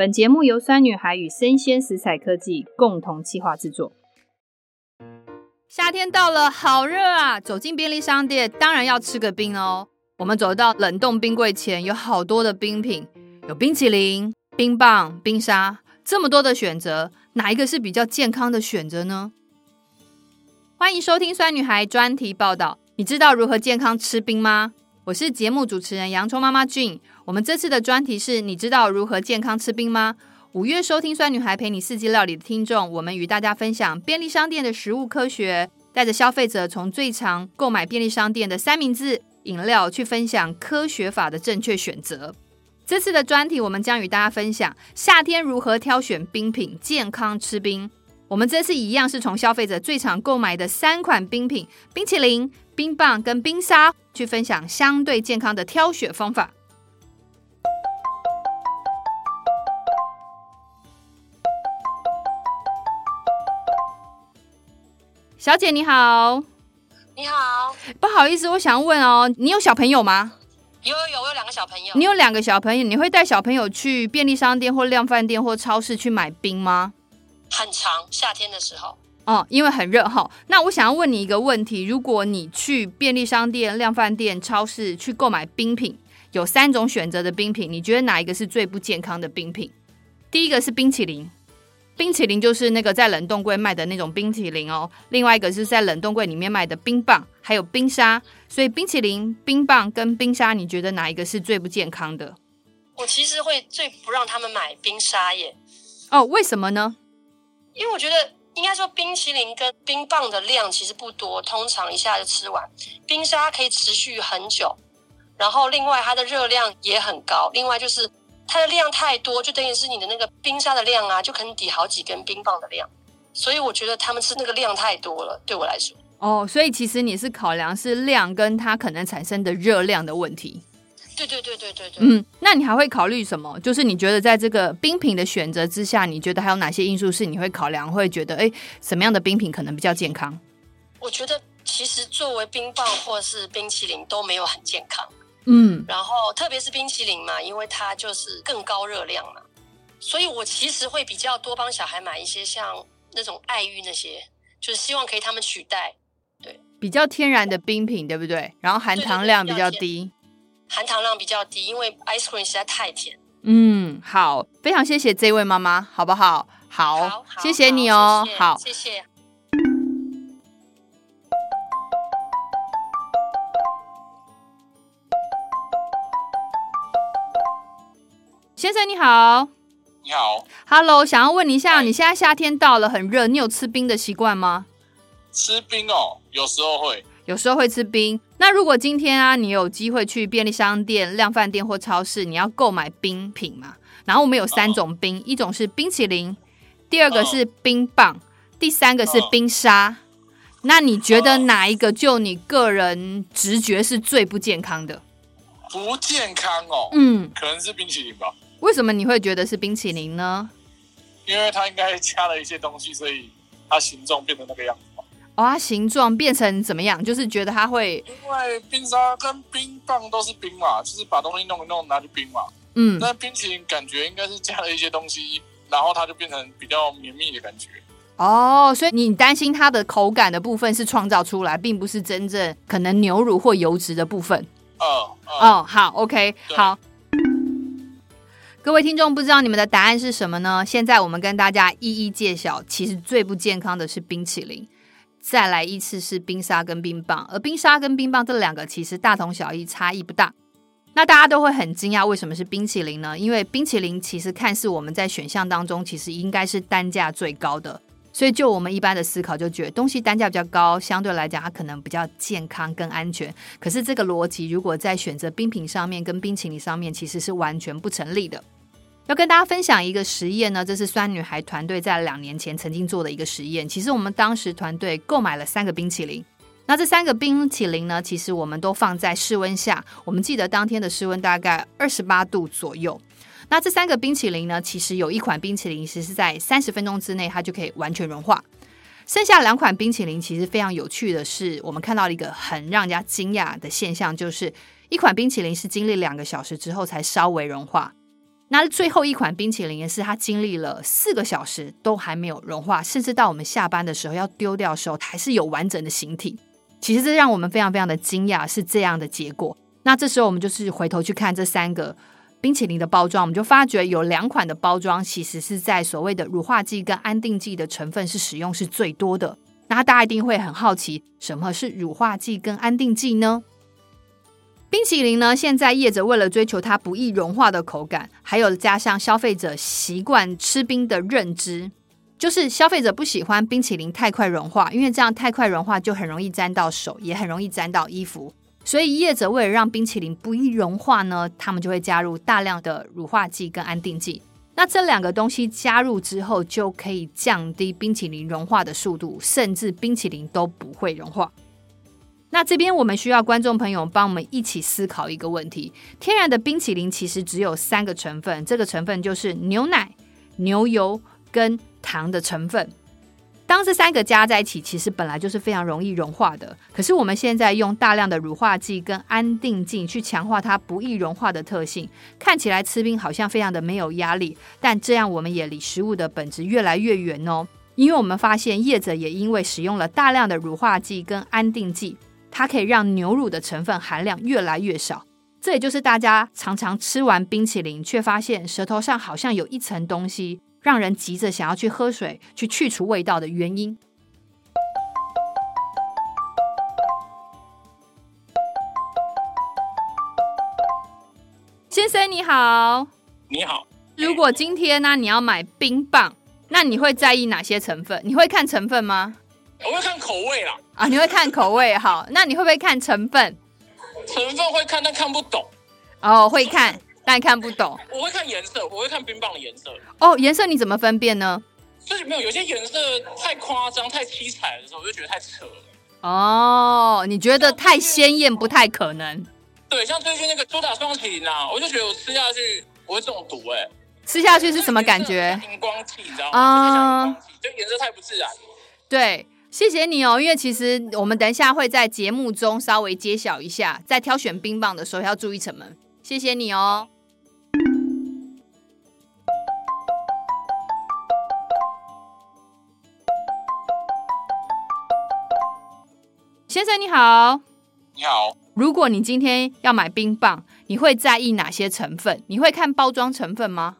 本節目由酸女孩與聲鮮時采科技共同企劃製作。夏天到了，好熱啊！走進便利商店，當然要吃個冰哦。我們走到冷凍冰櫃前，有好多的冰品，有冰淇淋、冰棒、冰沙，這麼多的選擇，哪一個是比較健康的選擇呢？歡迎收聽酸女孩專題報導。你知道如何健康吃冰嗎？我是節目主持人洋蔥媽媽俊，我們這次的專題是你知道如何健康吃冰嗎？五月收聽《酸女孩陪你四季料理》的聽眾，我們與大家分享便利商店的食物科學，帶着消費者從最常購買便利商店的三明治、飲料去分享科學法的正確選擇。這次的專題，我們將與大家分享夏天如何挑選冰品，健康吃冰。我們這次一樣是從消費者最常購買的三款冰品——冰淇淋、冰棒跟冰沙——去分享相對健康的挑選方法。小姐你好，你好，你好，不好意思，我想問哦，你有小朋友嗎？有有有，我有兩個小朋友。你有兩個小朋友，你會帶小朋友去便利商店、或量販店、或超市去買冰嗎？很長，夏天的時候哦、嗯，因為很熱哈。那我想要問你一個問題：如果你去便利商店、量販店、超市去購買冰品，有三種選擇的冰品，你覺得哪一個是最不健康的冰品？第一個是冰淇淋，冰淇淋就是那個在冷凍櫃賣的那種冰淇淋哦。另外一個是在冷凍櫃裡面賣的冰棒，還有冰沙。所以冰淇淋、冰棒跟冰沙，你覺得哪一個是最不健康的？我其實會最不讓他們買冰沙耶。哦，為什麼呢？因為我覺得應該說冰淇淋跟冰棒的量其實不多，通常一下就吃完。冰沙可以持續很久，然後另外它的熱量也很高。另外就是它的量太多，就等於是你的那個冰沙的量啊，就可能抵好幾根冰棒的量。所以我覺得他們吃那個量太多了，對我來說。哦，所以其實你是考量是量跟它可能產生的熱量的問題？對對對對對對。嗯，那你還會考慮什麼？就是你覺得在這個冰品的選擇之下，你覺得還有哪些因素是你會考量？會覺得哎，什麼樣的冰品可能比較健康？我覺得其實作為冰棒或是冰淇淋都沒有很健康。嗯，然後特別是冰淇淋嘛，因為它就是更高熱量嘛，所以我其實會比較多幫小孩買一些像那種愛玉那些，就是希望可以他們取代。對，比較天然的冰品，對不對？然後含糖量比較低。對對對含糖量比較低，因為 ice cream 實在太甜。嗯，好，非常謝謝這位媽媽，好不好？好，好好謝謝你哦，好，謝謝。好，謝謝，先生你好，你好，Hello，想要問你一下，Hi. 你現在夏天到了，很熱，你有吃冰的習慣嗎？吃冰哦，有時候會。有時候會吃冰。那如果今天啊，你有機會去便利商店、量販店或超市，你要購買冰品嘛？然後我們有三種冰，哦、一種是冰淇淋，第二個是冰棒，哦、第三個是冰沙。哦、那你覺得哪一個就你個人直覺是最不健康的？不健康哦，嗯，可能是冰淇淋吧。為什麼你會覺得是冰淇淋呢？因為它應該加了一些東西，所以它形狀變得那個樣子。哦，它形狀變成怎麼樣？就是覺得它會因為冰沙跟冰棒都是冰嘛，就是把東西弄一弄拿去冰嘛。嗯，那冰淇淋感覺應該是加了一些東西，然後它就變成比較綿密的感覺。哦，所以你擔心它的口感的部分是創造出來，並不是真正可能牛乳或油脂的部分。哦哦、呃呃嗯，好，OK，對好。各位聽眾，不知道你們的答案是什麼呢？現在我們跟大家一一揭曉。其實最不健康的是冰淇淋。再來一次是冰沙跟冰棒，而冰沙跟冰棒這兩個其實大同小異，差異不大。那大家都會很驚訝，為什麼是冰淇淋呢？因為冰淇淋其實看似我們在選項當中，其實應該是單價最高的。所以就我們一般的思考，就覺得東西單價比較高，相對來講它可能比較健康跟安全。可是這個邏輯如果在選擇冰品上面跟冰淇淋上面，其實是完全不成立的。要跟大家分享一個實驗呢，這是酸女孩團隊在兩年前曾經做的一個實驗。其實我們當時團隊購買了三個冰淇淋，那這三個冰淇淋呢，其實我們都放在室溫下。我們記得當天的室溫大概二十八度左右。那這三個冰淇淋呢，其實有一款冰淇淋，其實是在三十分鐘之內它就可以完全融化。剩下，兩款冰淇淋，其實非常有趣的是，我們看到了一個很讓人家驚訝的現象，就是一款冰淇淋是經歷兩個小時之後才稍微融化。那最後一款冰淇淋也是，它經歷了四個小時都還沒有融化，甚至到我們下班的時候要丟掉的時候，它還是有完整的形體。其實這讓我們非常非常的驚訝，是這樣的結果。那這時候我們就是回頭去看這三個冰淇淋的包裝，我們就發覺有兩款的包裝其實是在所謂的乳化劑跟安定劑的成分是使用是最多的。那大家一定會很好奇，什麼是乳化劑跟安定劑呢？冰淇淋呢？現在業者為了追求它不易融化的口感，還有加上消費者習慣吃冰的認知，就是消費者不喜歡冰淇淋太快融化，因為這樣太快融化就很容易沾到手，也很容易沾到衣服。所以業者為了讓冰淇淋不易融化呢，他們就會加入大量的乳化劑跟安定劑。那這兩個東西加入之後，就可以降低冰淇淋融化的速度，甚至冰淇淋都不會融化。那這邊我們需要觀眾朋友幫我們一起思考一個問題：天然的冰淇淋其實只有三個成分，這個成分就是牛奶、牛油跟糖的成分。當這三個加在一起，其實本來就是非常容易融化的。可是我們現在用大量的乳化劑跟安定劑去強化它不易融化的特性，看起來吃冰好像非常的沒有壓力。但這樣我們也離食物的本質越來越遠哦，因為我們發現業者也因為使用了大量的乳化劑跟安定劑。它可以讓牛乳的成分含量越來越少，這也就是大家常常吃完冰淇淋卻發現舌頭上好像有一層東西，讓人急着想要去喝水去去除味道的原因。先生你好，你好。你好。如果今天呢、啊，你要買冰棒，那你會在意哪些成分？你會看成分嗎？我會看口味啦，啊，你會看口味，好，那你會不會看成分？ 成分會看，但看不懂。哦，會看，但看不懂。我會看顏色，我會看冰棒的顏色。哦，顏色你怎麼分辨呢？就是沒有，有些顏色太誇張、太七彩的時候，我就覺得太扯了。哦，你覺得太鮮豔不太可能？對，對，像最近那個主打雙體呢，我就覺得我吃下去我會中毒、欸，哎，吃下去是什麼感覺？熒光劑，你知道嗎？啊、嗯，就顏色太不自然。對。謝謝你哦，因為其實我們等一下會在節目中稍微揭曉一下，在挑選冰棒的時候要注意什麼。謝謝你哦。你好。先生你好，你好。你好，如果你今天要買冰棒，你會在意哪些成分？你會看包裝成分嗎？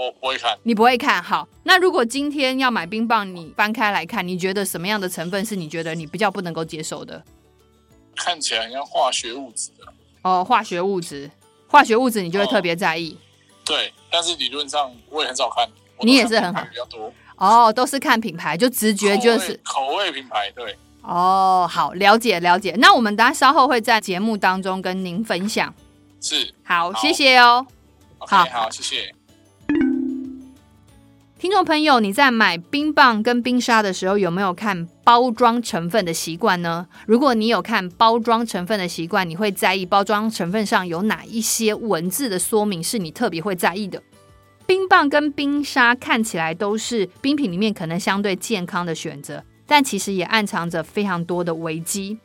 我不會看。你不會看好。那如果今天要買冰棒，你翻開來看，你覺得什麼樣的成分是你覺得你比較不能夠接受的？看起來像化學物質哦，化學物質，化學物質，你就會特別在意。哦。對，但是理論上我也很少看。看你也是很好比較多。哦，都是看品牌，就直覺就是口味，口味品牌。對。哦，好，了解了解。那我們等下稍後會在節目當中跟您分享。是，好，好，謝謝哦。Okay, 好，好，謝謝。聽眾朋友，你在買冰棒跟冰沙的時候，有沒有看包裝成分的習慣呢？如果你有看包裝成分的習慣，你會在意包裝成分上有哪一些文字的說明是你特別會在意的？冰棒跟冰沙看起來都是冰品裡面可能相對健康的選擇，但其實也暗藏着非常多的危機。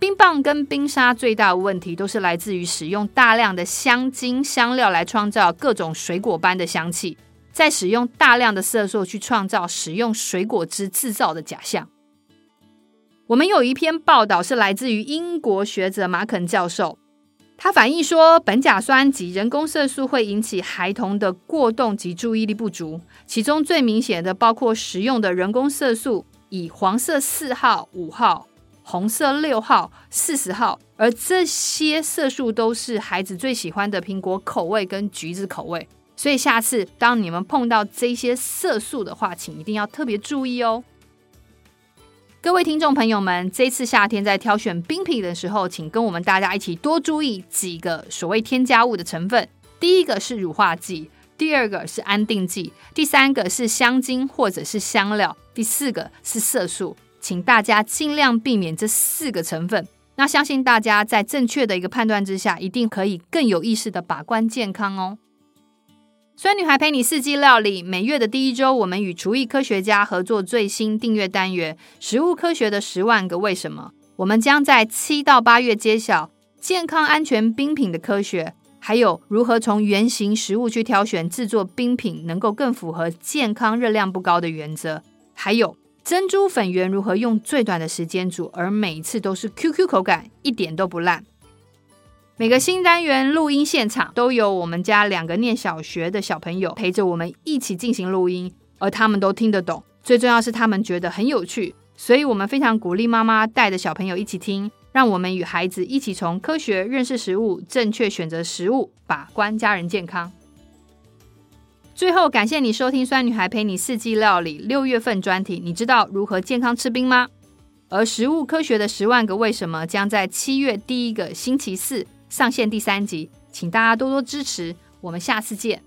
冰棒跟冰沙最大的問題都是來自於使用大量的香精香料來創造各種水果般的香氣。在使用大量的色素去創造使用水果汁製造的假象。我們有一篇報道是來自於英國學者馬肯教授，他反映說，苯甲酸及人工色素會引起孩童的過動及注意力不足，其中最明顯的包括食用的人工色素，以黃色四號、五號、紅色六號、四十號，而這些色素都是孩子最喜歡的蘋果口味跟橘子口味。所以下次，當你們碰到這些色素的話，請一定要特別注意哦。各位聽眾朋友們，這次夏天在挑選冰品的時候，請跟我們大家一起多注意幾個所謂添加物的成分。第一個是乳化劑，第二個是安定劑，第三個是香精或者是香料，第四個是色素。請大家盡量避免這四個成分。那相信大家在正確的一個判斷之下，一定可以更有意識的把關健康哦。酸女孩陪你四季料理，每月的第一周，我們與廚藝科學家合作最新訂閱單元——食物科學的十萬個為什麼。我們將在七到八月揭曉健康安全冰品的科學，還有如何從原型食物去挑選製作冰品，能夠更符合健康熱量不高的原則。還有珍珠粉圓如何用最短的時間煮，而每一次都是 QQ 口感，一點都不爛。每個新單元錄音現場都有我們家兩個念小學的小朋友陪着我們一起進行錄音，而他們都聽得懂，最重要是他們覺得很有趣，所以我們非常鼓勵媽媽帶着小朋友一起聽，讓我們與孩子一起從科學認識食物，正確選擇食物，把關家人健康。最後，感謝你收聽《酸女孩陪你四季料理》六月份專題，你知道如何健康吃冰嗎？而《食物科學的十萬個為什麼》將在七月第一個星期四。上線第三集，請大家多多支持，我們下次見。